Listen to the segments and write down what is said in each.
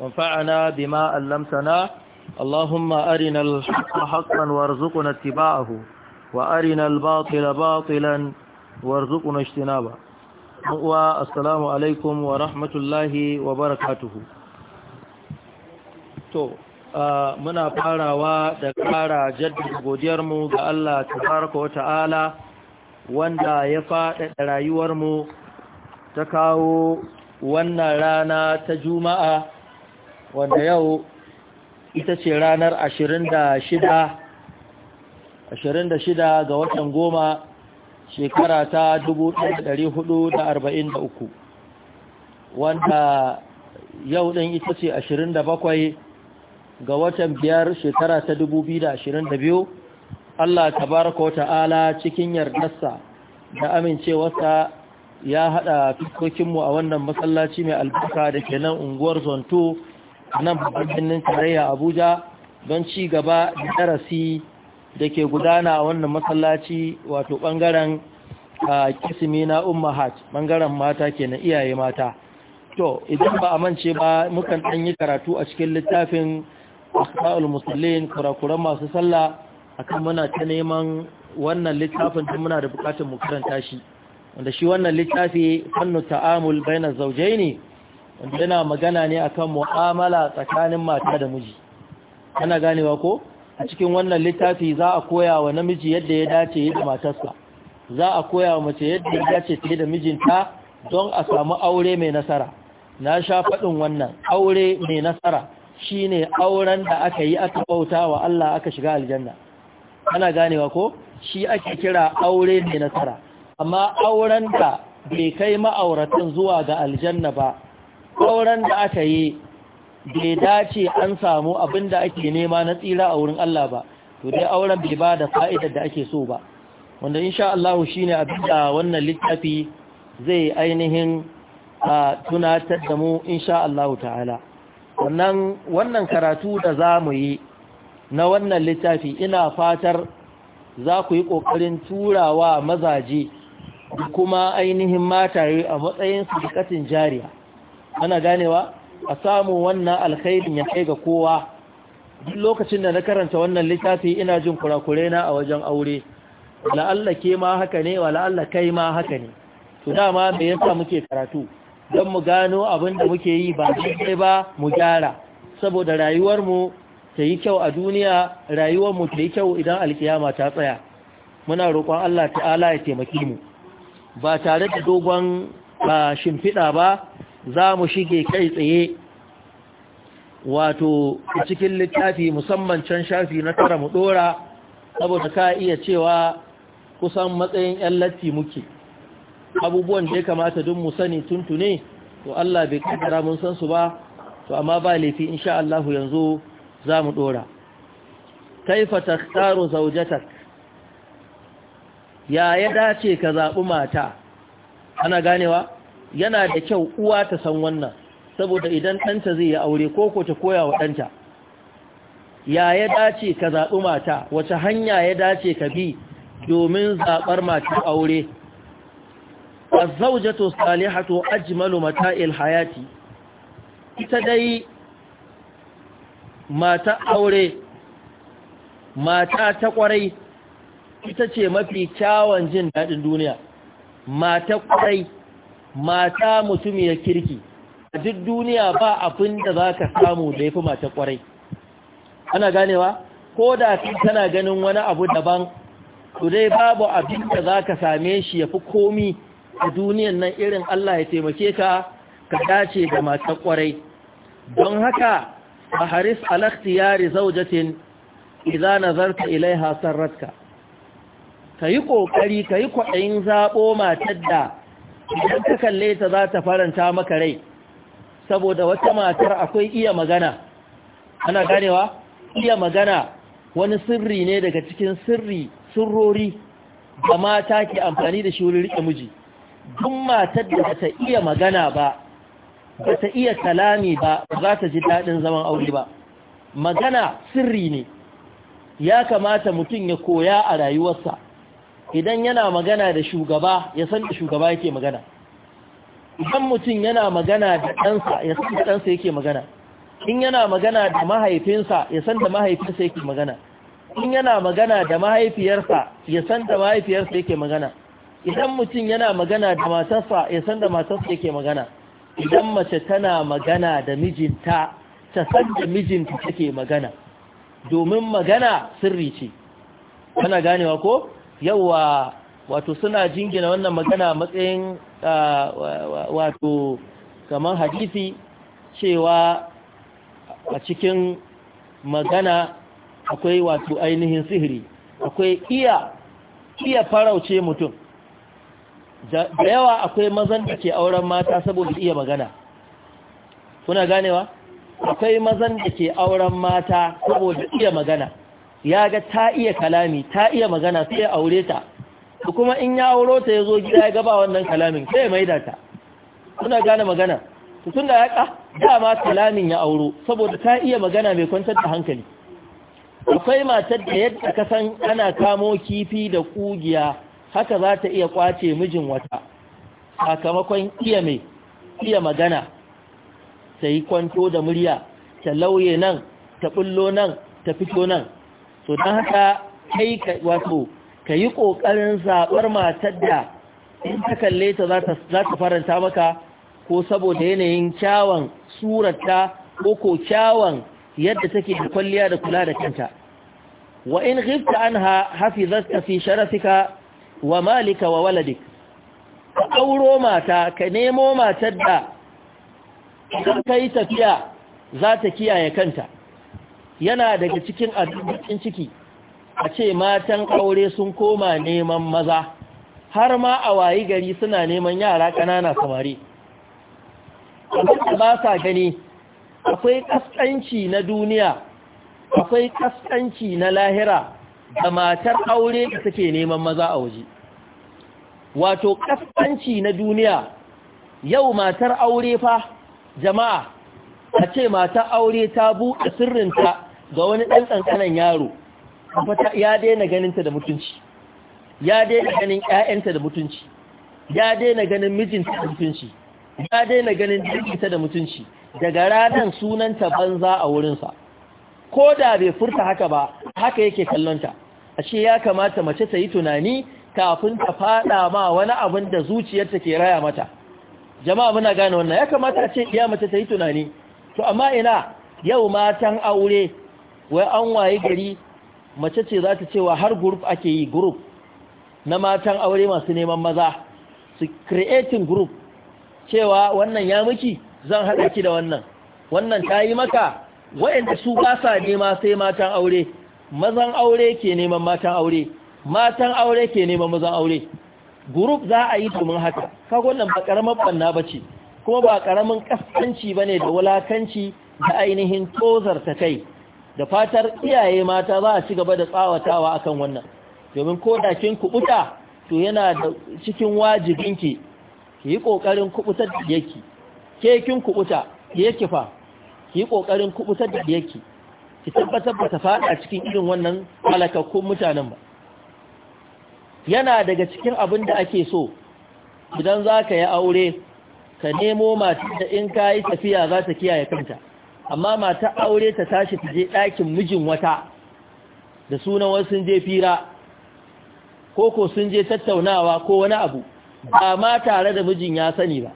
وانفعنا بما علمتنا اللهم أرنا الحق حقا وارزقنا اتباعه وأرنا الباطل باطلا وارزقنا اجتنابه والسلام عليكم ورحمة الله وبركاته to muna farawa da kara jaddada godiyarmu ga Allah tabaraka wa ta'ala wanda ya faɗaɗa rayuwarmu ta kawo wannan rana ta juma'a wanda yau ita ce ranar 26 ga watan goma shekara ta 1443 wanda yau ɗin ita ce 27 ga watan biyar shekara ta 2022 Allah tabaraka wata'ala cikin yardarsa da amincewarsa ya haɗa fuskokinmu a wannan masallaci mai albarka da ke nan unguwar zonto a nan babban birnin tarayya abuja don ci gaba da darasi da ke gudana a wannan masallaci wato ɓangaren kisimi na ummahat ɓangaren mata ke na iyaye mata to idan ba a mance ba mukan ɗan yi karatu a cikin littafin asba'ul kura kurakuran masu sallah akan muna ta neman wannan littafin tun muna da bukatun mu karanta shi wanda shi wannan littafi fannu ta'amul baina ne? wanda yana magana ne akan mu'amala tsakanin mata da miji gane ganewa ko a cikin wannan littafi za a koya wa namiji yadda ya dace da matarsa za a koya wa mace yadda ya dace ta da mijinta don a samu aure mai nasara na sha faɗin wannan aure mai nasara shine auren da aka yi aka bauta wa Allah aka shiga aljanna gane ganewa ko shi ake kira aure mai nasara amma auren da bai kai ma'auratan zuwa ga aljanna ba auren da aka yi bai dace an samu abin da ake nema na tsira a wurin Allah ba to dai auren bai ba da fa'idar da ake so ba wanda insha Allah ne abin da wannan littafi zai ainihin tunatar da mu insha Allah ta'ala wannan karatu da za mu yi na wannan littafi ina fatar za ku yi ƙoƙarin turawa mazaje da kuma ainihin mataye a matsayin sadakatin jariya ana ganewa a samu wannan alkhairin ya kai ga kowa duk lokacin da na karanta wannan littafi ina jin kurakure na a wajen aure la'alla ke ma haka ne wa la'alla kai ma haka ne to dama me yasa muke karatu don mu gano abin da muke yi ba daidai ba mu gyara saboda rayuwarmu ta yi kyau a duniya rayuwarmu ta yi kyau idan alkiyama ta tsaya muna roƙon Allah ta'ala ya taimake mu ba tare da dogon shimfiɗa ba za mu shige kai tsaye wato cikin littafi musamman can shafi na tara mu dora saboda ka iya cewa kusan matsayin yan latti muke abubuwan da ya kamata duk mu sani tuntune to Allah bai kaddara mun san su ba to amma ba laifi insha Allah yanzu za mu dora kaifa takhtaru zawjatak ya ya dace ka zabi mata ana ganewa yana da kyau uwa ta san wannan saboda idan ɗanta zai yi aure ko ko ta koya wa ɗanta ya ya dace ka zaɓi mata wace hanya ya dace ka bi domin zaɓar mata aure A azzaujatu salihatu ajmalu mata'il hayati ita dai mata aure mata ta kwarai ita ce mafi kyawun jin daɗin duniya mata kwarai mata mutumiyar kirki a duk duniya ba abin da za ka samu da ya fi mata kwarai ana ganewa ko da tana ganin wani abu daban to dai babu abin da za ka same shi ya fi komi a duniyan nan irin Allah ya taimake ka ka dace da mata kwarai don haka a haris alaktiyari zaujatin iza nazarta hasar ratka ka yi ƙoƙari ka yi kwaɗayin zaɓo matar da idan ka kalle ta za ta faranta maka rai saboda wata matar akwai iya magana ana ganewa iya magana wani sirri ne daga cikin sirri sirrori da mata ke amfani da shi wurin riƙe miji duk matar da ta iya magana ba ba ta iya salami ba za ta ji daɗin zaman aure ba magana sirri ne ya kamata mutum ya koya a rayuwarsa idan yana magana da shugaba ya san da shugaba yake magana idan mutum yana magana da ɗansa ya san da ɗansa yake magana in yana magana da mahaifinsa ya san da mahaifinsa yake magana in yana magana da mahaifiyarsa ya san da mahaifiyarsa yake magana idan mutum yana magana da matarsa ya san da matarsa yake magana idan mace tana magana da mijinta ta san da mijinta take magana domin magana sirri ce kana ganewa ko yawa wato suna jingina wannan magana matsayin wato kamar hadisi cewa a cikin magana akwai wato ainihin sihiri akwai iya iya farauce mutum da yawa akwai mazan da ke auren mata saboda iya magana kuna ganewa akwai mazan da ke auren mata saboda iya magana ya ga ta iya kalami ta iya magana sai ya aure ta kuma in ya auro ta ya zo gida ya ba wannan kalamin sai ya maida ta suna gane magana tun da ya ka dama kalamin ya auro saboda ta iya magana mai kwantar da hankali akwai matar da yadda ka san ana kamo kifi da kugiya haka za ta iya kwace mijin wata sakamakon iya mai iya magana ta yi kwanto da murya ta lauye nan ta bullo nan ta fito nan so don haka kai ka wato ka yi ƙoƙarin zaɓar matar da in ta kalle ta za ta faranta maka ko saboda yanayin kyawun surarta ko ko kyawun yadda take da kwalliya da kula da kanta wa in ghibta anha hafizaka fi sharafika wa malika wa waladik ka auro mata ka nemo matar da kai tafiya za ta kiyaye kanta yana daga cikin abin ciki a ce matan aure sun koma neman maza har ma a wayi gari suna neman yara ƙanana samari abinda ba sa gani akwai kaskanci na duniya akwai kaskanci na lahira da matar aure da suke neman maza a waje wato kaskanci na duniya yau matar aure fa jama'a a ce matar aure ta buɗe sirrinta ga wani ɗan tsankanan yaro ya daina ganinta da mutunci ya daina ganin ƴaƴanta da mutunci ya daina ganin mijinta da mutunci ya daina ganin jikinta da mutunci daga ranar sunanta banza a wurinsa ko da bai furta haka ba haka yake kallonta ashe ya kamata mace ta yi tunani kafin ta faɗa ma wani abin da zuciyarta ke raya mata jama'a muna gane wannan ya kamata a ce iya mace ta yi tunani to amma ina yau matan aure wai an waye gari mace ce za ta cewa har group ake yi group na matan aure masu neman maza su creating group cewa wannan ya miki zan haɗa ki da wannan wannan ta yi maka waɗanda su ba sa nema sai matan aure mazan aure ke neman matan aure matan aure ke neman mazan aure group za a yi domin haka ka wannan ba karamar banna ce kuma ba karamin ba ne da wulakanci da ainihin tozar ta kai da fatar iyaye mata za a ci gaba da tsawatawa akan wannan domin ko da kin kubuta to yana da cikin wajibinki ki yi kokarin kubutar da yake ke kin kubuta yake fa ki yi kokarin kubutar da yake ki tabbatar ba ta fada cikin irin wannan halakakkun mutanen ba yana daga cikin abin da ake so idan za ka yi aure ka nemo masu da in ka yi tafiya za ta kiyaye kanta amma mata aure ta tashi ta je ɗakin mijin wata da sunan wasu sun je fira ko ko sun je tattaunawa ko wani abu ba ma tare da mijin ya sani ba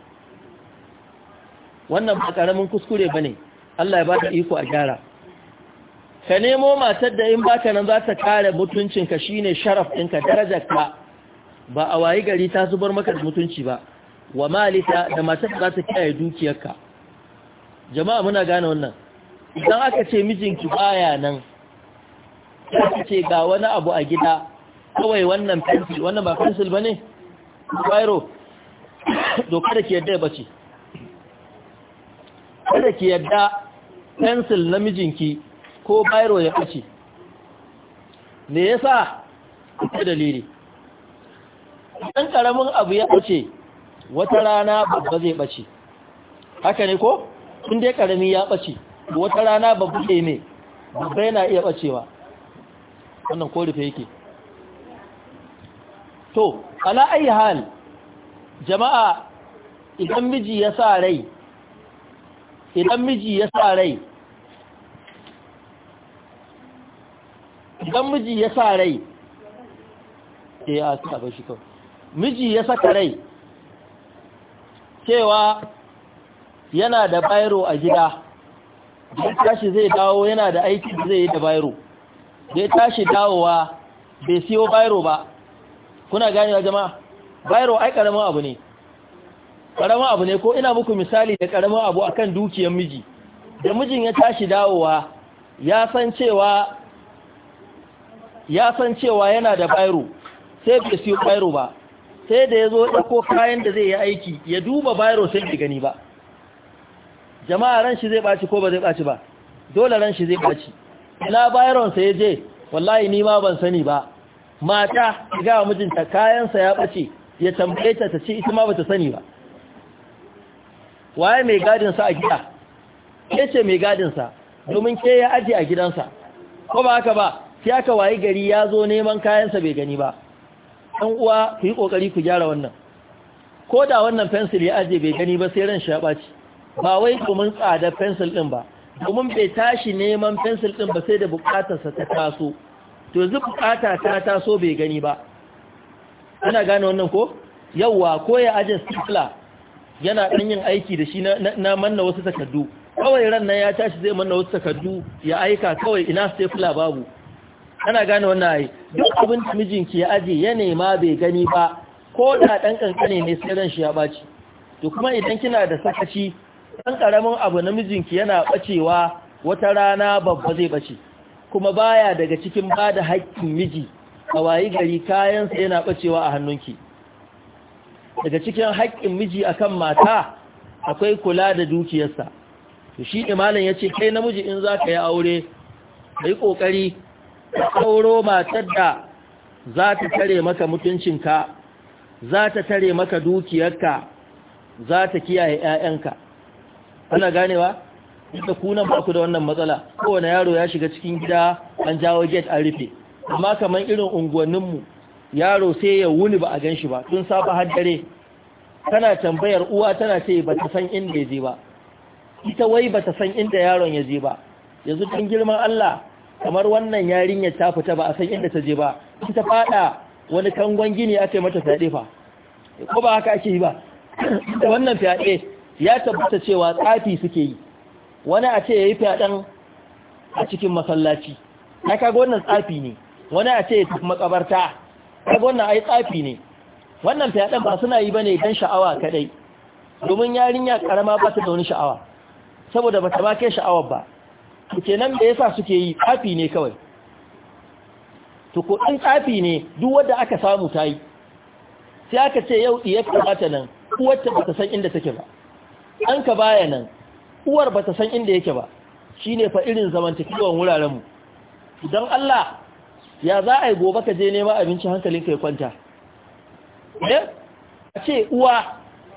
wannan ba ƙaramin kuskure ba ne Allah ya ba ta iko a gyara ka nemo matar da in baka nan za ta kare mutuncinka shine sharaf ɗinka darajarka ba a wayi gari ta zubar maka da mutunci ba wa malita da matar za ta kiyaye dukiyarka jama'a muna gane wannan idan aka ce mijinki baya nan aka ce ga wani abu a gida kawai wannan pencil wannan ba pencil bane biro doka da ke yadda ya bace kada ki yadda pencil na mijinki ko biro ya bace me yasa ta dalili dan karamin abu ya bace wata rana babba zai bace haka ne ko in dai karami ya ɓace wata rana ba buke ne ba yana iya ɓacewa wannan ko rufe yake to ala ayi hal jama'a idan miji ya sa rai idan miji ya sa rai idan miji ya sa rai ya eh, yi a saba shi kawai miji ya saka rai cewa yana da bayro a gida da tashi zai dawo yana da aiki da zai yi da bayro da ya tashi dawowa bai siyo bayro ba kuna gani a jama'a bayro ai karamin abu ne karamin abu ne ko ina muku misali da karamin abu akan dukiyar miji da mijin ya tashi dawowa ya san cewa ya san cewa yana da bayro sai bai siyo bayro ba sai da ya zo ko kayan da zai yi aiki ya duba bayro sai bai gani ba jama'a ran shi zai baci ko ba zai baci ba dole ran shi zai baci ina bayarwansa ya je wallahi ni ma ban sani ba mata ga mijinta kayansa ya ɓace ya tambaye ta ta ce ita ma bata sani ba waye mai gadinsa a gida ke ce mai gadinsa domin ke ya aje a gidansa ko ba haka ba sai aka wayi gari ya zo neman kayansa bai gani ba dan uwa ku yi ƙoƙari ku gyara wannan ko da wannan fensil ya aje bai gani ba sai ran shi ya baci ba wai domin tsada fensil ɗin ba domin bai tashi neman fensil ɗin ba sai da bukatarsa ta taso to yanzu bukata ta taso bai gani ba ana gane wannan ko yawwa ko ya ajin stifla yana ɗan yin aiki da shi na manna wasu takardu kawai ran nan ya tashi zai manna wasu takardu ya aika kawai ina stifla babu ana gane wannan ai duk abin da mijinki ya aje ya nema bai gani ba ko da ɗan ƙanƙane ne sai ran shi ya ɓaci to kuma idan kina da sakaci ɗan ƙaramin abu namijinki yana ɓacewa wata rana babba zai ɓace kuma baya daga cikin ba da haƙƙin miji a wayi gari kayansa yana ɓacewa a hannunki daga cikin haƙƙin miji akan mata akwai kula da dukiyarsa to shi imanin ya ce kai namiji in za ka yi aure ka yi ƙoƙari ka sauro matar da za ta tare maka mutuncinka za ta tare maka dukiyarka za ta kiyaye 'ya'yanka ana ganewa yadda kunan ba ku da wannan matsala kowane yaro ya shiga cikin gida an jawo gate an rufe amma kamar irin unguwanninmu yaro sai ya wuni ba a gan shi ba tun safa har dare tana tambayar uwa tana ce ba ta san inda ya je ba ita wai ba ta san inda yaron ya je ba yanzu tun girman Allah kamar wannan yarinyar ta fita ba a san inda ta je ba ita fada wani kangon gini aka yi mata fyaɗe fa ko ba haka ake yi ba wannan fyaɗe ya tabbata cewa tsafi suke yi wani a ce ya yi fyaɗan a cikin masallaci na kaga wannan tsafi ne wani a ce ya tafi makabarta kaga wannan ai tsafi ne wannan fyaɗan ba suna yi bane don sha'awa kadai domin yarinya karama ba ta da wani sha'awa saboda ba ta ba kai sha'awar ba to kenan da yasa suke yi tsafi ne kawai to ko tsafi ne duk wadda aka samu ta yi sai aka ce yau diyar ta nan kuwata ba ta san inda take ba an ka baya nan uwar bata san inda yake ba shi ne fa irin zamantakewan wurarenmu don Allah ya za a yi gobe ka je nema abinci hankalin ka ya kwanta ne? Eh? a ce uwa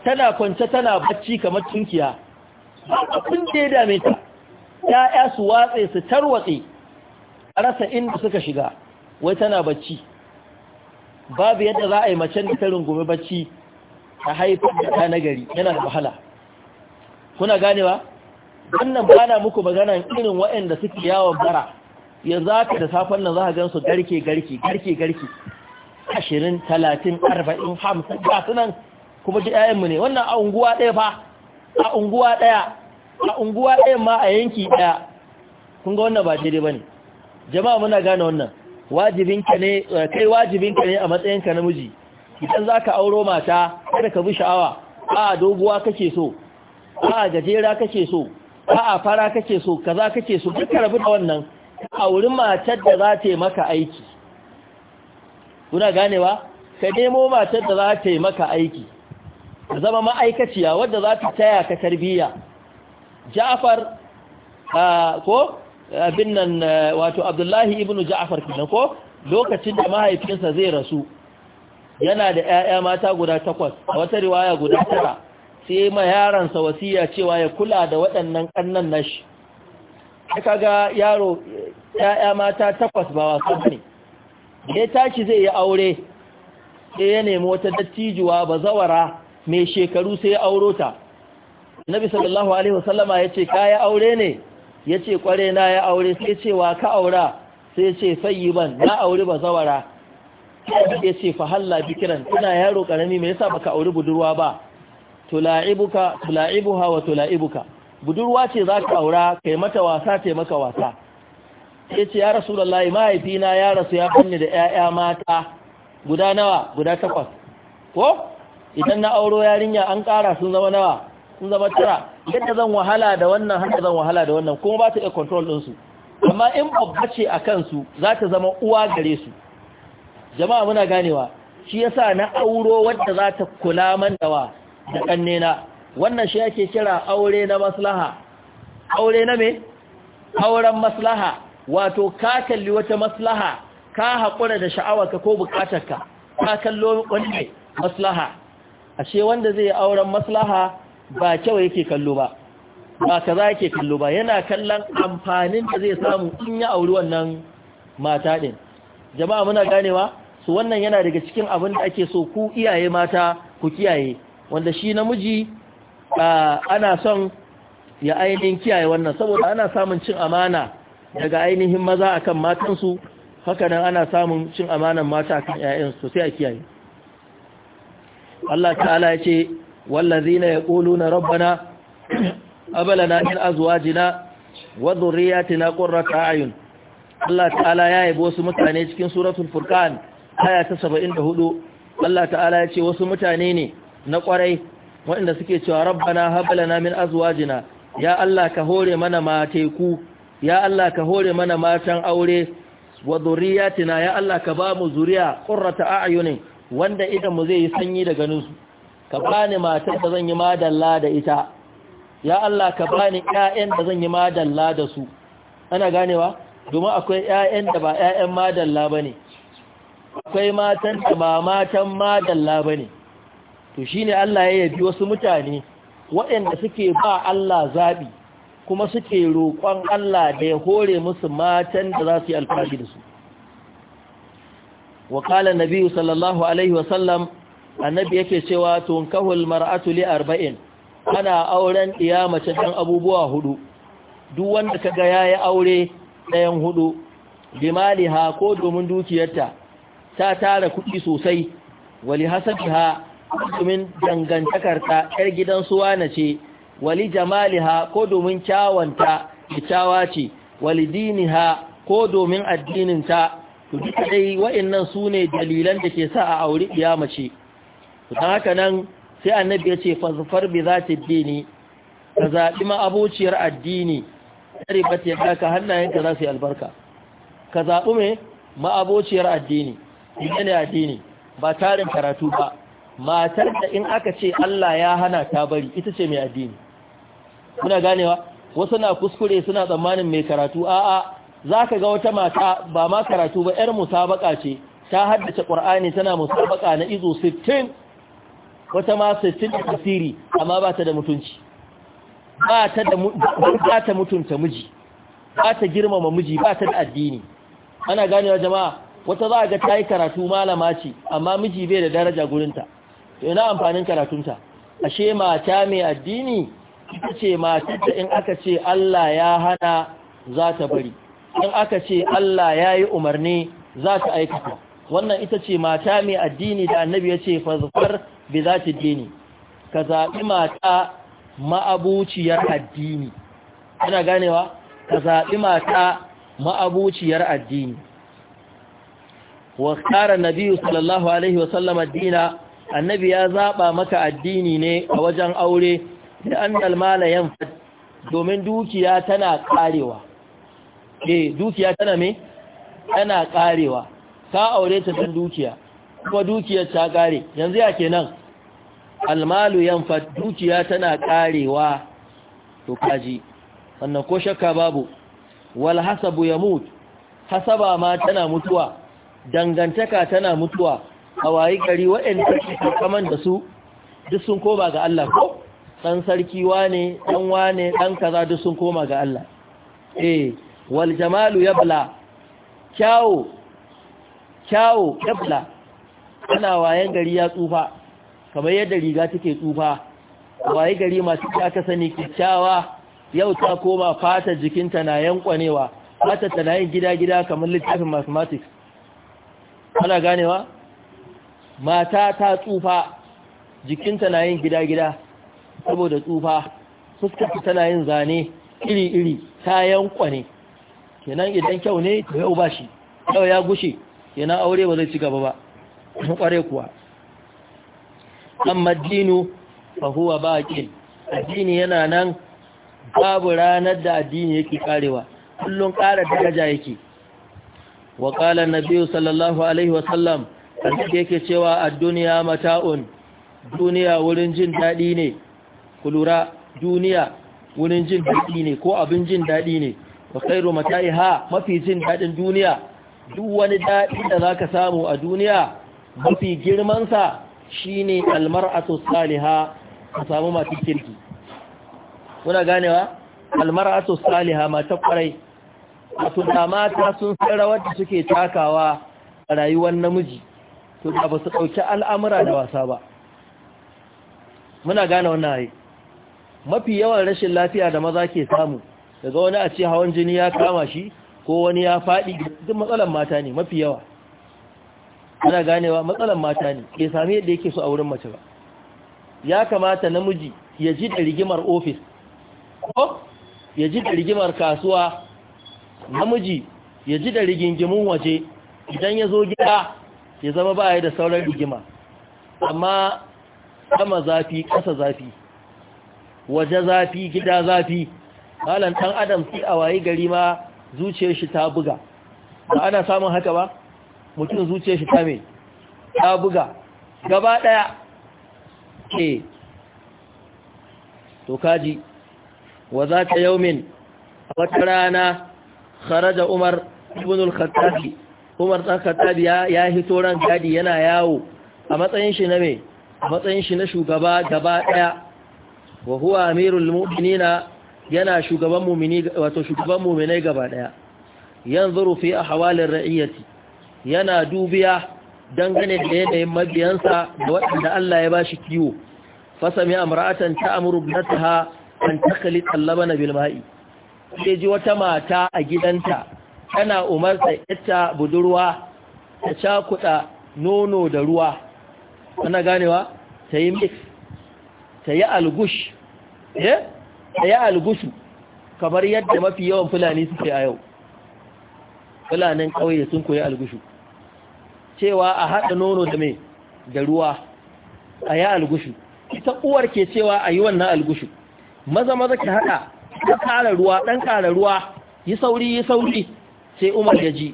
tana kwance tana bacci kamar tunkiya abin da ya dame ta ya'ya su watse su tarwatse a rasa inda suka shiga wai tana bacci babu yadda za a yi macen da ta rungume bacci ta haifar da ta nagari yana da wahala kuna ganewa wannan bana muku magana irin waɗanda suke yawon gara. yanzu haka da safon nan za ka gansu garke garke garke garke ashirin talatin arba'in hamsin ba su nan kuma ji ‘ya'yanmu ne wannan a unguwa ɗaya fa a unguwa ɗaya a unguwa ɗaya ma a yanki ɗaya kun ga wannan ba daidai ba ne jama'a muna gane wannan wajibinka ne eh, kai wajibinka ne a matsayinka namiji idan za ka auro mata kada ka bi sha'awa a doguwa kake so a gajera kake so a fara kake so kaza kake so duk rabu da wannan a wurin matar da za ta maka aiki kuna ganewa ka nemo matar da za ta maka aiki ka zama ma'aikaciya wadda za ta taya ka tarbiyya ja'far ko abin nan wato abdullahi ibnu ja'far kenan ko lokacin da mahaifinsa zai rasu yana da 'ya'ya mata guda takwas a wata riwaya guda tara sai ma yaransa wasiya cewa ya kula da waɗannan ƙannan nashi ya kaga yaro ya'ya mata takwas ba wasu ne ya tashi zai yi aure sai ya nemi wata dattijuwa ba zawara mai shekaru sai ya auro ta nabi sallallahu alaihi wasallama ya ce ka ya aure ne ya ce kware na ya aure sai cewa ka aura sai ce fayi ban na aure ba zawara ya ce fahalla bikiran tana yaro karami mai yasa baka auri budurwa ba tula'ibuka tula'ibuha wa tula'ibuka budurwa ce za ka aura kai mata wasa ta maka wasa sai ce ya rasulullahi mahaifina ya rasu ya kunni da 'ya'ya mata guda nawa guda takwas ko idan na auro yarinya an ƙara sun zama nawa sun zama tara yadda zan wahala da wannan haka zan wahala da wannan kuma ba ta iya control ɗinsu amma in babba ce a kansu za ta zama uwa gare su jama'a muna ganewa shi yasa na auro wadda za ta kula man da wa da ƙannena wannan shi yake kira aure na maslaha aure na me auren maslaha wato ka kalli wata maslaha ka haƙura da sha'awarka ko buƙatarka ka kallo wani maslaha ashe wanda zai auren maslaha ba kyau yake kallo ba ba ka za yake kallo ba yana kallon amfanin da zai samu in yi auri wannan mata ɗin jama'a muna ganewa su wannan yana daga cikin abin da ake so ku iyaye mata ku kiyaye wanda shi namiji ana son ya ainihin kiyaye wannan saboda ana samun cin amana daga ainihin maza akan matansu hakanan ana samun cin amanan mata akan 'ya'yansu, sai a kiyaye Allah ta'ala ya ce ya wallazina na rabbana abalana min ta na ƙorra ta ayun Allah ta'ala ya yi wasu mutane cikin suratun furkan aya ta saba'in da hudu. Allah ta'ala ya ce wasu mutane ne na kwarai waɗanda suke cewa rabbana hablana min azwajina ya Allah ka hore mana mateku ya Allah ka hore mana matan aure wa zuriyatina ya Allah ka ba mu zuriya qurrata a'yunin wanda idan mu zai yi sanyi da ganin su ka bani matar da zan yi madalla da ita ya Allah ka bani ƴaƴan da zan yi madalla da su ana ganewa domin akwai ƴaƴan da ba ƴaƴan madalla bane akwai matan da ba matan madalla bane to shine Allah ya yabi wasu mutane waɗanda suke ba Allah zaɓi kuma suke roƙon Allah da ya hore musu matan da za su yi alfahari da su wa qala nabiyyu sallallahu alaihi wa annabi yake cewa tunkahu almar'atu li arba'in ana auren iya mace dan abubuwa hudu duk wanda ka ya yayi aure ɗayan hudu limaliha ko domin dukiyarta ta tara kuɗi sosai wali hasabiha domin dangantakarta ‘yar gidan su ce, wali jamaliha ko domin kyawanta kyawa ce, wali diniha ko domin addininta, to duka dai wa'innan su ne dalilan da ke sa a auri ɗiyama ce. Don haka nan sai annabi ya ce, fasfar bi za ta dini, ka zaɓi ma'abociyar addini, ɗari ba ta yadda ka hannayen ka za su yi albarka. Ka zaɓi mai ma'abociyar addini, ba tarin karatu ba, matar da in aka ce Allah ya hana ta bari ita ce mai addini kuna ganewa wasu na kuskure suna tsammanin mai karatu a'a zaka ga wata mata ba ma karatu ba yar musabaka ce ta haddace Qur'ani tana musabaka na izo 60 wata ma 60 da tafsiri amma ba ta da mutunci ba ta da ba ta mutunta miji ba ta girmama miji ba ta da addini ana ganewa jama'a wata za ga ta yi karatu malama ce amma miji bai da daraja gurinta to ina amfanin karatunta ashe mata mai addini ita ce mata da in aka ce Allah ya hana za ta bari in aka ce Allah ya yi umarni za ta aikata wannan ita ce mata mai addini da annabi ya ce fazfar bi za ta dini ka zaɓi mata ma'abuciyar addini ana ganewa ka zaɓi mata ma'abuciyar addini wa tsara nabi sallallahu alaihi wasallama dina annabi ya zaba maka addini ne a wajen aure da an dalmala yanfa domin dukiya tana karewa. eh dukiya tana me tana karewa. ka aure ta san dukiya kuma dukiyar ta kare. yanzu ya nan. almalu yanfa dukiya tana karewa. to kaji wannan ko shakka babu wal hasabu yamut hasaba ma tana mutuwa dangantaka tana mutuwa a gari waɗanda ke kaman da su duk sun koma ga Allah ko ɗan sarki wane ne, wane dan kaza duk sun koma ga Allah eh wal jamalu yabla kyawo kyawo yabla ana wayan gari ya tsufa kamar yadda riga take tsufa waye gari masu aka sani kyakkyawa yau ta koma fata jikinta na yankwanewa fata ta na yin gida-gida kamar littafin mathematics ana ganewa mata ta tsufa jikinta na yin gida-gida saboda tsufa fuskarta tana yin zane iri-iri ta yankwa ne kenan idan kyau ne ta yau ba shi yau ya gushe kenan aure ba zai ci gaba ba kware kuwa amma dinu ba a ƙin addini yana nan babu ranar da addini yake karewa kullum ƙara daraja yake wa ƙalar na biyu sallallahu alaihi wa sannan yake cewa a duniya mata'un duniya wurin jin daɗi ne ku lura duniya wurin jin daɗi ne ko abin jin daɗi ne wa matai ha mafi jin daɗin duniya duk wani daɗi da za ka samu a duniya mafi ne kalmar shine almar'atu salihah ka samu mata kirki kuna ganewa almar'atu saliha mata kwarai a da mata sun san rawar da suke takawa a rayuwar namiji to da ba su ɗauki al'amura da wasa ba muna gane wannan haye mafi yawan rashin lafiya da maza ke samu daga wani a ce hawan jini ya kama shi ko wani ya faɗi duk matsalan mata ne mafi yawa ana ganewa matsalan mata ne ke sami yadda yake so a wurin mace ba ya kamata namiji ya ji da rigimar ofis ko ya ji da rigimar kasuwa namiji ya ji da rigingimun waje idan ya zo gida ya zama ba yi da sauran rigima amma sama zafi ƙasa zafi waje zafi gida zafi Malam ɗan adam sai a wayi gari ma zuciyar shi ta buga ba ana samun haka ba mutum zuciyar shi ta mai ta buga gaba ɗaya ke to kaji wa za ta a wata rana kharaja umar ibn al-khattabi Umar ɗan Khattab ya hito ran gadi yana yawo a matsayin shi na me a matsayin shi na shugaba gaba ɗaya wa huwa amirul mu'minina yana shugaban mu'mini wato shugaban mu'minai gaba ɗaya yanzuru fi ahwalir ra'iyati yana dubiya dangane da yanayin mabiyansa da waɗanda Allah ya ba shi kiwo fasami amra'atan ta'muru ibnataha an takhlit al-labana bil ma'i sai ji wata mata a gidanta tana umarta ita budurwa ta cakuɗa nono da ruwa ana ganewa ta yi mix ta yi algush eh ta yi algushu kamar yadda mafi yawan fulani suke a yau fulanin ƙauye sun koyi algushu cewa a haɗa nono da mai da ruwa a yi algushu ita uwar ke cewa a yi wannan algushu maza maza ka haɗa ɗan ƙara ruwa ɗan ƙara ruwa yi sauri yi sauri sai umar ya ji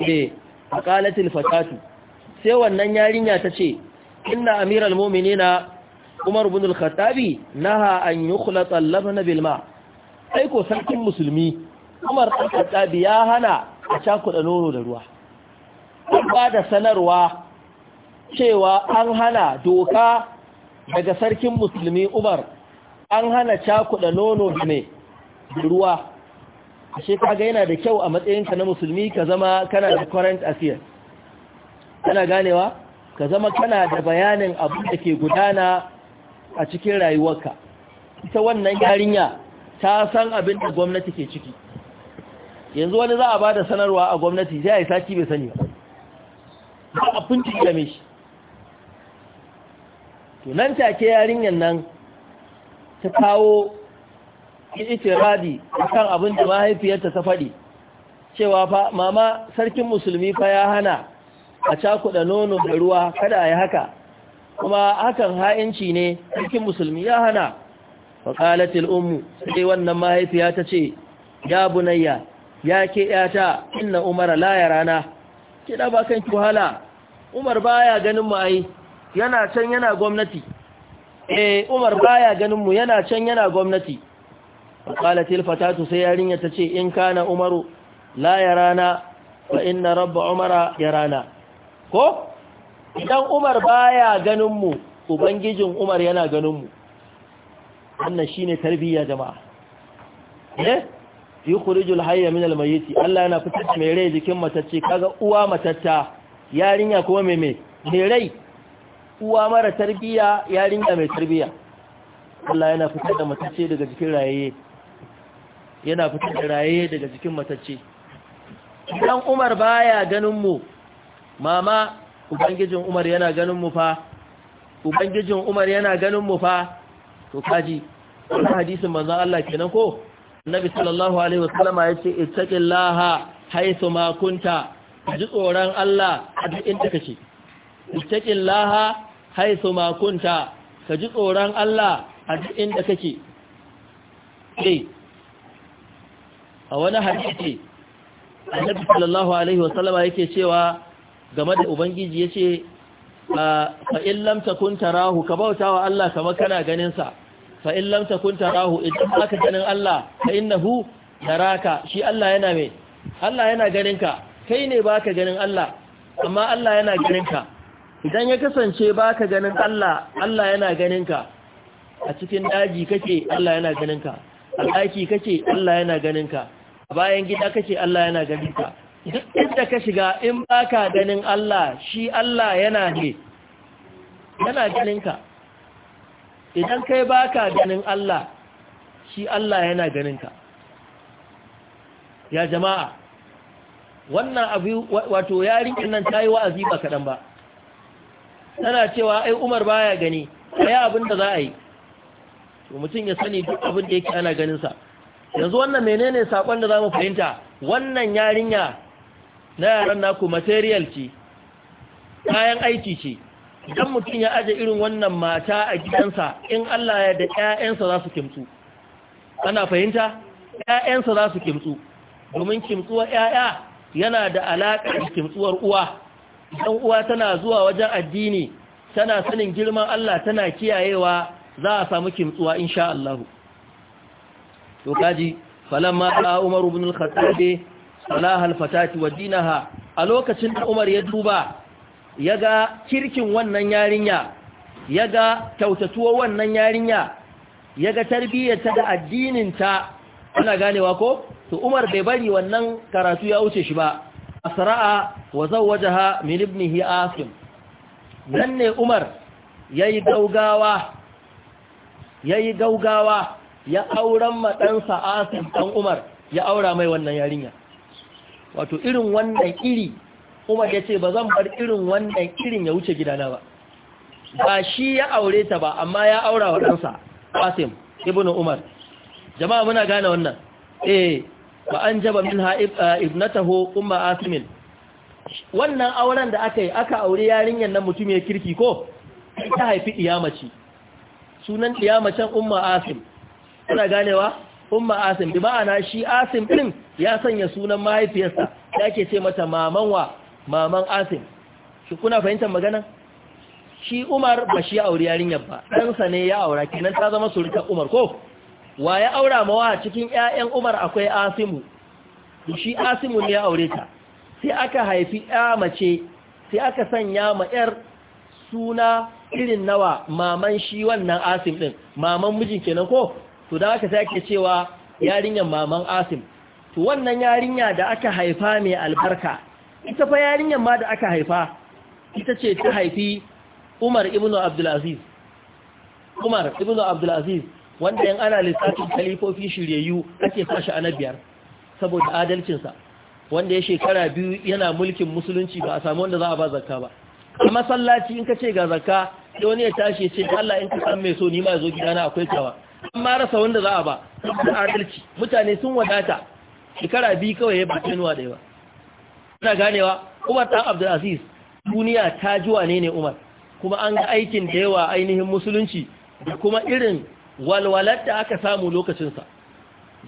ne eh, a ƙalatin fatatu sai wannan yarinya ta ce inna amiral momini na umar bin al-khattabi ha an yi khulatsan labana bilma aiko sarkin musulmi umar al-khattabi ya hana a cakuɗa nono da ruwa ba da sanarwa cewa an hana doka daga sarkin musulmi umar an hana cakuɗa nono da ruwa ashe ga yana da kyau a matsayinka na musulmi ka zama kana da current affair kana ganewa ka zama kana da bayanin abin da ke gudana a cikin rayuwarka ita wannan yarinya ta san abin da gwamnati ke ciki yanzu wani za a ba da sanarwa a gwamnati sai a yi sati bai sani ba a bincin game shi to nan take yarinyar nan ta kawo ki itiradi kan abin da mahaifiyarta ta faɗi cewa fa mama sarkin musulmi fa ya hana a cakuɗa nono da ruwa kada a yi haka kuma hakan ha'inci ne sarkin musulmi ya hana faƙalatil ummu sai wannan mahaifiya ta ce ya bunayya ya ke yata inna umar la ya rana kida ba kan wahala umar baya ganin mu ai yana can yana gwamnati eh umar baya ganin mu yana can yana gwamnati فقالت الفتاة سيارين تتشي إن كان عمر لا يرانا فإن رب عمر يرانا كو إذن عمر بايا غنمو وبنجج عمر ينا غنمو أن الشين تربية يا جماعة يخرج الحي من الميت الله أنا فتت ميري ذي كم متتشي كذا أوا متتا يارين يكوى ميمي ميري أوا mara تربية يارين mai tarbiya Allah yana fitar da matacce daga jikin rayaye yana fitar da raye daga cikin matacce dan Umar baya ganin mu mama ubangijin Umar yana ganin mu fa ubangijin Umar yana ganin mu fa to kaji wannan hadisin manzon Allah kenan ko Annabi sallallahu alaihi wasallam yace ittaqillaha haythu ma kunta ji tsoron Allah a duk inda kake ittaqillaha haythu ma kunta ka ji tsoron Allah a duk inda kake eh a wani hadisi annabi sallallahu alaihi wasallama yake cewa game da ubangiji yace fa in lam takun tarahu ka bautawa Allah kamar kana ganin sa fa in lam takun tarahu idan baka ganin Allah fa innahu yaraka shi Allah yana me Allah yana ganin ka kai ne baka ganin Allah amma Allah yana ganin ka idan ya kasance baka ganin Allah Allah yana ganin ka a cikin daji kake Allah yana ganin ka a daki kake Allah yana ganin ka bayan gida kace Allah yana gani ka duk inda ka shiga in baka ganin Allah shi Allah yana ne yana ganin ka idan kai baka ganin Allah shi Allah yana ganin ka ya jama'a wannan abu wato yarinkin nan tayi wa'azi ba kadan ba tana cewa ai Umar baya gani kai abin da za a yi to mutum ya sani duk abin da yake ana ganin sa yanzu wannan menene sakon da zamu fahimta wannan yarinya na yaran naku material ce kayan aiki ce idan mutum ya aje irin wannan mata a gidansa in Allah ya da ƴaƴansa za su kimtsu ana fahimta ƴaƴansa za su kimtsu domin kimtsuwar ƴaƴa yana da alaƙa da kimtsuwar uwa idan uwa tana zuwa wajen addini tana sanin girman Allah tana kiyayewa za a samu kimtsuwa insha Allah to kaji falamma ra'a Umar ibn al-Khattab salaha al-fatati wa dinaha a lokacin da Umar ya duba yaga kirkin wannan yarinya yaga kyautatuwa wannan yarinya yaga tarbiyyarta da addinin ta ana ganewa ko to Umar bai bari wannan karatu ya wuce shi ba asra'a wa zawwajaha min ibnihi Asim nan ne Umar yayi gaugawa yayi gaugawa ya auren maɗansa asim ɗan umar ya aura mai wannan yarinya wato irin wannan iri umar ya ce ba zan bar irin wannan irin ya wuce gidana ba ba shi ya aure ta ba amma ya aura wa ɗansa asim ibn umar jama'a muna gane wannan eh ba an jaba min eh, ibnatahu umma asimin wannan auren da aka yi aka aure yarinyar nan mutum ya kirki ko ta haifi iyamaci sunan iyamacen umma asim kana ganewa umma asim bi ma'ana shi asim ɗin ya sanya sunan mahaifiyarsa da ake ce mata maman wa maman asim shi kuna fahimtar magana shi umar ba shi ya auri yarinyar ba ɗansa ne ya aura kenan ta zama surukan umar ko wa ya aura mawa cikin 'ya'yan umar akwai asimu shi asimu ne ya aure ta sai aka haifi ya mace sai aka sanya ma 'yar suna irin nawa maman shi wannan asim ɗin maman mijin kenan ko to da aka sake cewa yarinyar maman asim to wannan yarinya da aka haifa mai albarka ita fa yarinyar ma da aka haifa ita ce ta haifi umar ibn abdulaziz umar ibn abdulaziz wanda yan ana lissafin kalifofi shiryayyu ake fashi a na biyar saboda adalcinsa wanda ya shekara biyu yana mulkin musulunci ba a sami wanda za a ba zakka ba a masallaci in ka ce ga zakka wani ya tashi ce Allah in ka san mai so ni ma ya zo gidana akwai kawa ma rasa wanda za a ba da adalci mutane sun wadata shekara biyu kawai ya bakin nuwa da yawa. ina ganewa umar ɗan abdulaziz duniya ta ji wane ne umar kuma an ga aikin da yawa ainihin musulunci da kuma irin walwalar da aka samu lokacinsa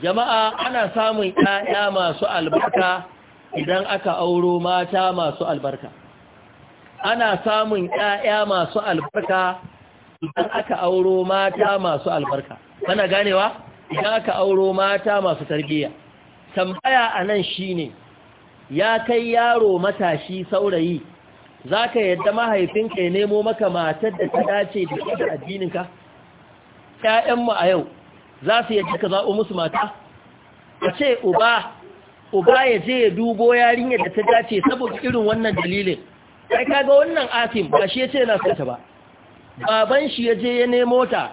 jama'a ana samun ƴaƴa masu albarka idan aka auro mata masu albarka ana samun ƴaƴa masu albarka idan aka auro mata masu albarka mana ganewa idan aka auro mata masu tarbiyya tambaya anan shine ya kai yaro matashi saurayi zaka yadda mahaifinka ya nemo maka matar da ta dace da ita addininka mu a yau za su yadda ka zaɓo musu mata a ce uba uba ya je ya dubo yarinyar da ta dace saboda irin wannan dalilin sai kaga wannan asim ba shi yace yana son ba baban shi ya je ya nemo ta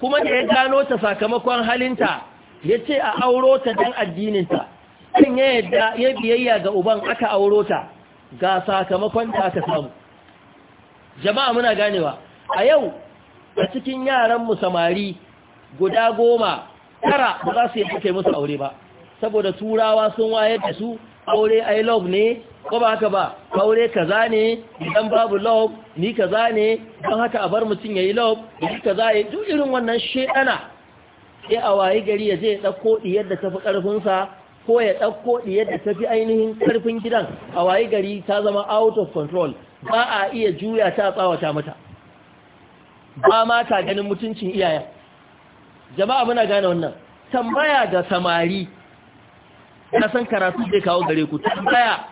kuma da ya gano ta sakamakon halinta ya ce a auro ta don addininta kan ya yadda ya biyayya ga uban aka auro ta ga sakamakon ta ta samu jama'a muna ganewa a yau a cikin yaran mu samari guda goma tara ba za su yi kai musu aure ba saboda turawa sun wayar da su aure ai love ne ko ba haka ba aure kaza ne idan babu love ni kaza ne don haka a bar mutum yayi love ni kaza ya duk irin wannan shedana sai a waye gari ya je ya dauko diyar da tafi karfin sa ko ya dauko diyar da tafi ainihin karfin gidan a waye gari ta zama out of control ba a iya juya ta tsawata mata ba ma ta ganin mutuncin iyayen jama'a muna gane wannan tambaya ga samari na san karatu zai kawo gare ku tambaya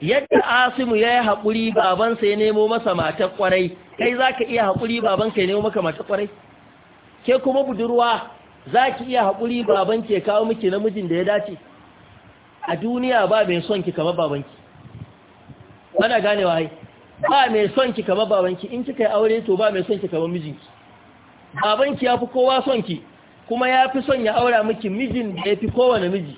yadda asimu ya yi haƙuri babansa ya nemo masa matar ƙwarai kai za ka iya haƙuri babanka ya nemo maka matar ƙwarai ke kuma budurwa za ki iya haƙuri babanki ya kawo miki namijin da ya dace a duniya ba mai son ki kamar babanki ana ganewa hai ba mai son ki kamar babanki in kika yi aure to ba mai son ki kamar mijinki babanki ya fi kowa son ki kuma ya fi son ya aura miki mijin da ya fi kowane miji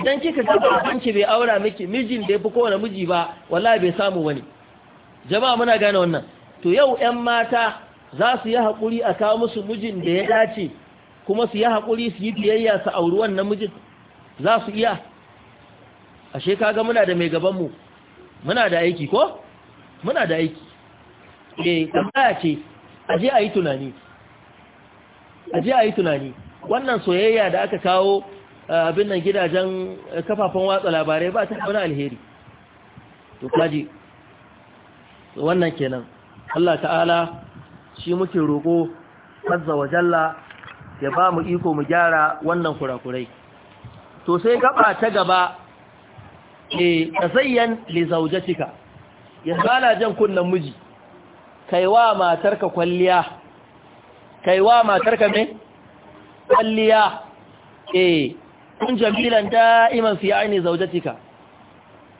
idan kika ga babanki bai aura miki mijin da ya fi kowane miji ba wallahi bai samu wani jama'a muna gane wannan to yau 'yan mata za su yi haƙuri a kawo musu mijin da ya dace kuma su yi haƙuri su yi biyayya su auri wannan mijin za su iya ashe kaga muna da mai gabanmu muna da aiki ko muna da aiki eh tambaya ce aje a yi tunani aje a yi tunani wannan soyayya da aka kawo abin nan gidajen kafafen watsa labarai ba ta wani alheri to kaji wannan kenan Allah ta'ala shi muke roƙo azza wa jalla ya ba mu iko mu gyara wannan kurakurai to sai gaba ta gaba e tsayyan li zaujatika ya jan kunnan miji kaiwa matarka kwalliya kaiwa matarka me kwalliya eh kun jamilan da'iman fi aini zaujatika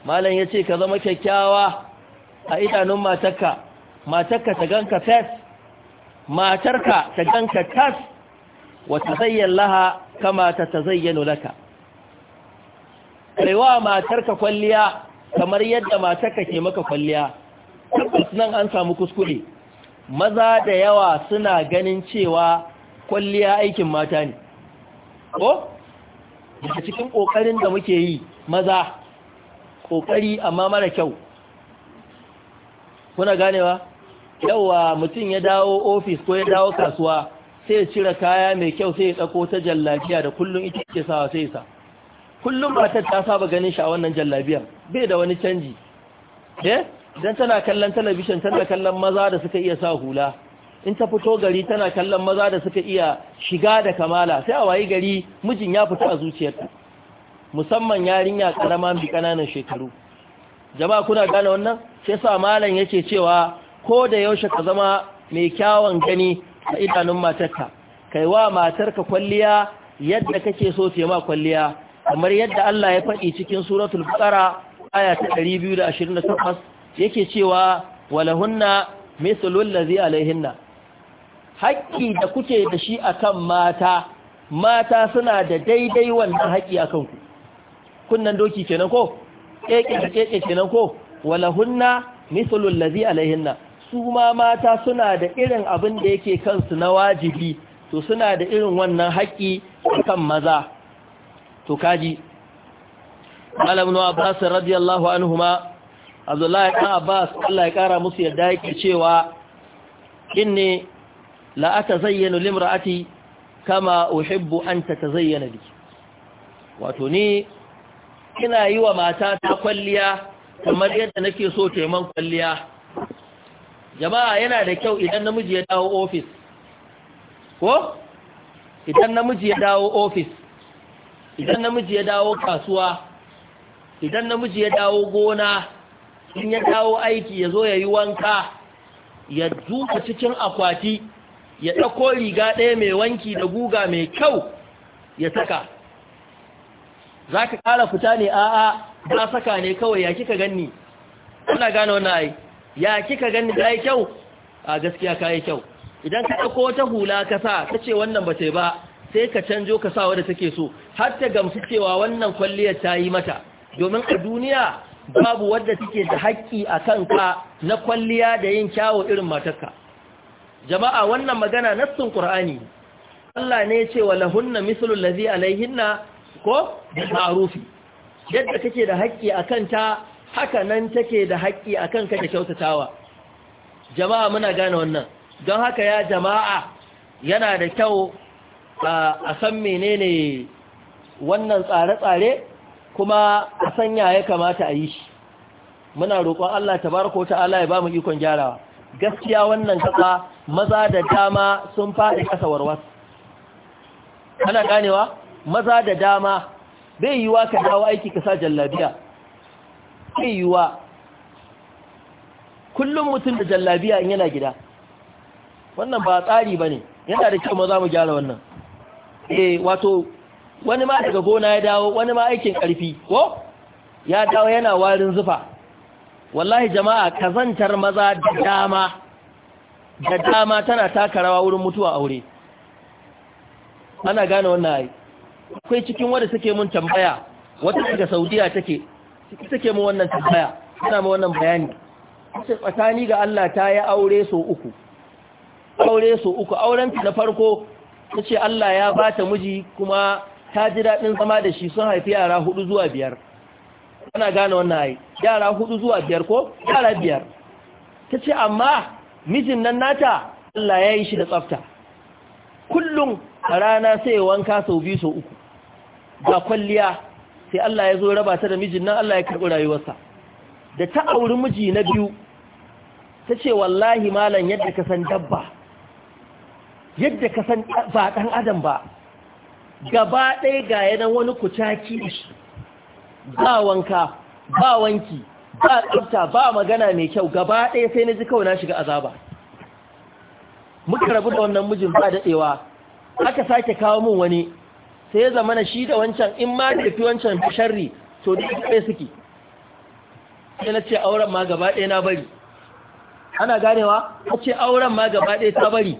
malam yace ka zama kyakkyawa a idanun matarka matarka ta ganka fes matarka ta ganka tas wa tazayyan laha kama ta tazayyanu laka kaiwa matarka kwalliya kamar yadda matarka ke maka kwalliya tabbas nan an samu kuskure maza da yawa suna ganin cewa kwalliya aikin mata ne ko daga cikin ƙoƙarin da muke yi maza ƙoƙari amma mara kyau kuna ganewa yauwa mutum ya dawo ofis ko ya dawo kasuwa sai ya cire kaya mai kyau sai ya tsako ta jallabiya da kullum ita ke sawa sai sa kullum matar ta saba ganin shi a wannan jallabiyar bai da wani canji eh don tana kallon talabishin tana kallon maza da suka iya sa hula in ta fito gari tana kallon maza da suka iya shiga da kamala sai a wayi gari mijin ya fita a zuciyarta musamman yarinya karama bi kananan shekaru jama'a kuna gane wannan sai sa malam yake cewa ko da yaushe ka zama mai kyawun gani a idanun matarka kai wa matarka kwalliya yadda kake so ta ma kwalliya kamar yadda Allah ya faɗi cikin suratul baqara aya ta 228 yake cewa walahunna mislul zai alaihinna haƙƙi da kuke da shi akan mata mata suna da daidai wannan haƙƙi a ku kunnan doki kenan ko ƙeƙe da kenan ko walahunna mithlu allazi alaihinna su ma mata suna da irin abin da yake kansu na wajibi to suna da irin wannan haƙƙi a kan maza to kaji malamin abbas radiyallahu anhuma abdullahi ɗan abbas allah ya ƙara musu yadda yake cewa inni la atazayyanu limra'ati kama uhibbu an tatazayyana bi wato ni ina yi wa mata ta kwalliya kamar yadda nake so man kwalliya jama'a yana da kyau idan namiji ya dawo ofis ko idan namiji ya dawo ofis idan namiji ya dawo kasuwa idan namiji ya dawo gona in ya dawo aiki ya zo ya yi wanka ya duka cikin akwati ya ɗauko riga ɗaya mai wanki da guga mai kyau ya saka za ka ƙara fita ne a'a ba saka ne kawai ya kika ganni ana gane wannan ai ya kika ganni ta yi kyau a gaskiya ka yi kyau idan ka ɗauko wata hula ka sa ka ce wannan ba ta ba sai ka canjo ka sa wadda take so har ta gamsu cewa wannan kwalliyar ta yi mata domin a duniya babu wadda take da haƙƙi a kanka na kwalliya da yin kyawo irin matarka jama'a wannan magana nassin Kur'ani, Allah ne ya ce wa lahunna mislul ladhi alaihinna ko da ma'arufi yadda kake da haƙƙi akan ta haka nan take da haƙƙi akan kanka da kyautatawa jama'a muna gane wannan don haka ya jama'a yana da kyau a san menene wannan tsare-tsare kuma a sanya ya kamata a yi shi muna roƙon Allah ta wa ta'ala ya ba mu ikon gyarawa gaskiya wannan kasa maza da dama sun faɗi ƙasa warwas ana ganewa maza da dama bai yiwa ka dawo aiki ka sa jallabiya bai yiwa kullum mutum da jallabiya in yana gida wannan ba tsari ba ne yana da kyau maza mu gyara wannan eh wato wani ma daga gona ya dawo wani ma aikin ƙarfi ko ya dawo yana warin zufa wallahi jama'a kazantar maza da dama da dama tana taka rawa wurin mutuwa aure ana gane wannan ai akwai cikin wanda suke mun tambaya wata daga Saudiya take take mun wannan tambaya tana mun wannan bayani sai tsakani ga Allah ta yi aure so uku aure so uku ta na farko tace Allah ya bata miji kuma ta ji dadin zama da shi sun haifi yara hudu zuwa biyar ana gane wannan ayi yara hudu zuwa biyar ko yara biyar ta ce amma mijin nan nata Allah ya yi shi da tsafta kullum a rana sai wanka sau biyu sau uku ga kwalliya sai Allah ya zo raba ta da mijin nan Allah ya karɓi rayuwarsa da ta auri miji na biyu ta ce wallahi malam yadda ka san dabba yadda ka san ba ɗan adam ba gaba ɗaya ga yanan wani kucaki da shi ba wanka ba wanki ba tsafta ba magana mai kyau gaba ɗaya sai na ji kawai na shiga azaba muka rabu da wannan mijin ba daɗewa aka sake kawo min wani sai ya zama na shi da wancan in ma da fi wancan sharri to da ɗaya suke sai na ce auren ma gaba ɗaya na bari ana ganewa a ce auren ma gaba ɗaya ta bari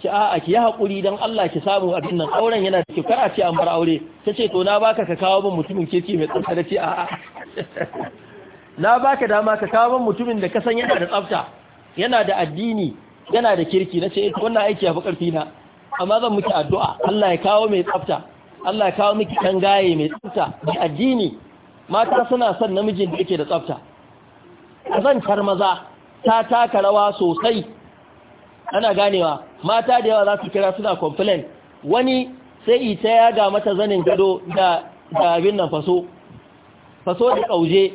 ki a'a ki yi haƙuri don Allah ki samu abin nan auren yana da kyau a ce an bar aure ta ce to na baka ka kawo min mutumin ke ce mai tsafta da ce a'a na baka dama ka kawo min mutumin da kasan yana da tsafta yana da addini yana da kirki na ce eh, wannan aiki ya fi ƙarfi na amma zan miki addu'a Allah ya kawo mai tsafta Allah ya kawo miki kan gaye mai tsafta da addini mata suna son namijin da yake da tsafta zankar maza ta taka rawa sosai ana ganewa mata da yawa za su kira suna complain wani sai ita ya ga mata zanin gado da abin nan faso faso da kauje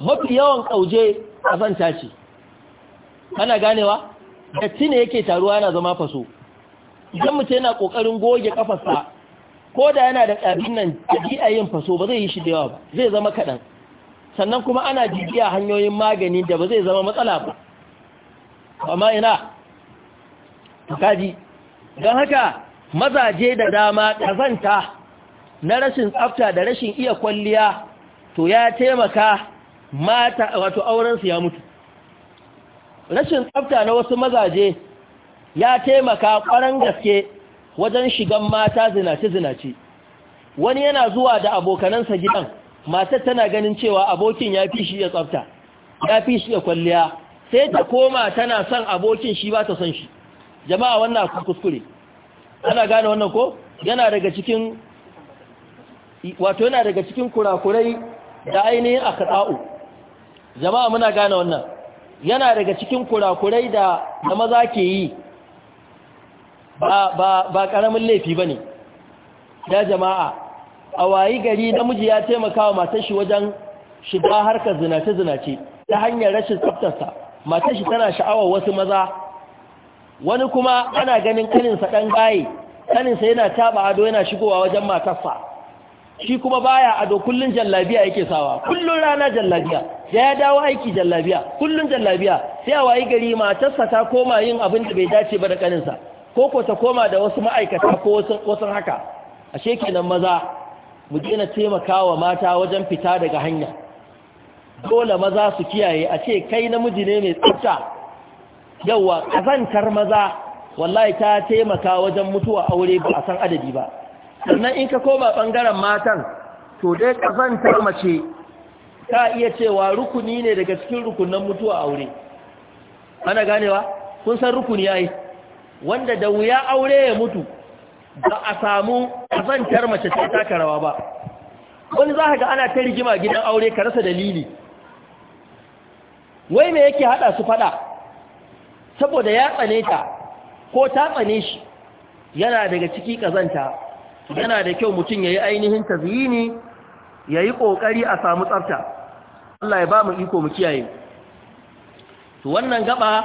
mafi yawan kauje a zan tace. ana ganewa datti ne yake taruwa yana zama faso idan mutum yana kokarin goge kafarsa ko da yana da abin nan da yin faso ba zai yi shi da yawa ba zai zama kaɗan sannan kuma ana jijiya hanyoyin magani da ba zai zama matsala ba amma ina kaji don haka mazaje da dama kazanta na rashin tsafta da rashin iya kwalliya to ya taimaka mata wato aurensu ya mutu rashin tsafta na wasu mazaje ya taimaka ƙwaran gaske wajen shigan mata zinace-zinace wani yana zuwa da abokanansa gidan matar tana ganin cewa abokin ya fi shi ya tsafta ya fi shi ya kwalliya sai ta koma tana son abokin shi ba ta son shi jama'a wannan akwai kuskure ana gane wannan ko yana daga cikin wato yana daga cikin kurakurai da ainihin a kaɗa'u jama'a muna gane wannan yana daga cikin kurakurai da da maza ke yi ba ƙaramin laifi ba ne ya jama'a a wayi gari namiji ya taimaka wa shi wajen shiga harkar zinace-zinace ta hanyar rashin tsaftarsa shi tana sha'awar wasu maza wani kuma ana ganin kaninsa ɗan gaye kaninsa yana taɓa ado yana shigowa wajen matarsa shi kuma baya ado kullun jallabiya yake sawa kullun rana jallabiya da ya dawo aiki jallabiya kullun jallabiya sai a wayi gari matarsa ta koma yin abin da bai dace ba da kaninsa ko ko ta koma da wasu ma'aikata ko wasu haka ashe kenan maza mu daina taimakawa mata wajen fita daga hanya dole maza su kiyaye a ce kai namiji ne mai tsafta yawa kazantar maza wallahi ta taimaka wajen mutuwa aure ba a san adadi ba sannan in ka koma bangaren matan to dai kazantar mace ta iya cewa rukuni ne daga cikin rukunan mutuwa aure ana ganewa kun san rukuni yayi wanda da wuya aure ya mutu ba a samu kazantar mace ta taka rawa ba wani za ka ga ana ta rigima gidan aure ka rasa dalili wai me yake hada su fada saboda ya tsane ta ko ta tsane shi yana daga ciki kazanta yana da kyau mutum ya yi ainihin ta ya yi ƙoƙari a samu tsafta Allah ya ba mu iko mu kiyaye to wannan gaba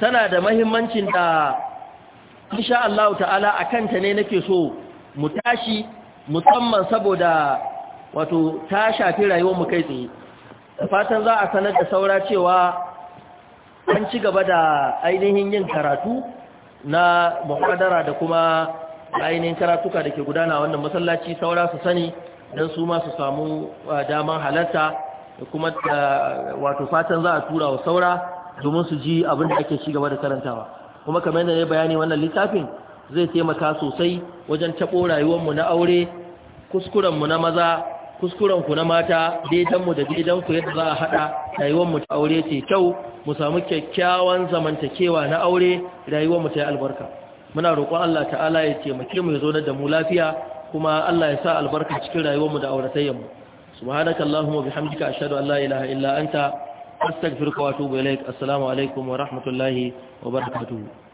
tana da mahimmancin da insha Allah ta'ala a kanta ne nake so mu tashi musamman saboda wato ta shafi rayuwar mu kai tsaye fatan za a sanar da saura cewa an ci gaba da ainihin yin karatu na muhadara da kuma ainihin karatuka da ke gudana wannan masallaci saura su sani don su ma su samu uh, daman halarta kuma uh, wato fatan za a tura wa saura domin su ji abin da ake ci gaba da karantawa kuma kamar yadda ne bayani wannan littafin zai taimaka sosai wajen taɓo rayuwarmu na aure kuskurenmu na maza kuskurenku na mata daidanmu da daidanku yadda za a haɗa mu ta aure ce kyau mu samu kyakkyawan zamantakewa na aure rayuwarmu ta yi albarka muna roƙon Allah ta'ala ya taimake mu ya zo da mu lafiya kuma Allah ya sa albarka cikin mu da auratayyarmu subhanaka allahumma bihamdika ashhadu an la ilaha illa anta astaghfiruka wa atubu ilaik assalamu alaikum wa rahmatullahi wa barakatuh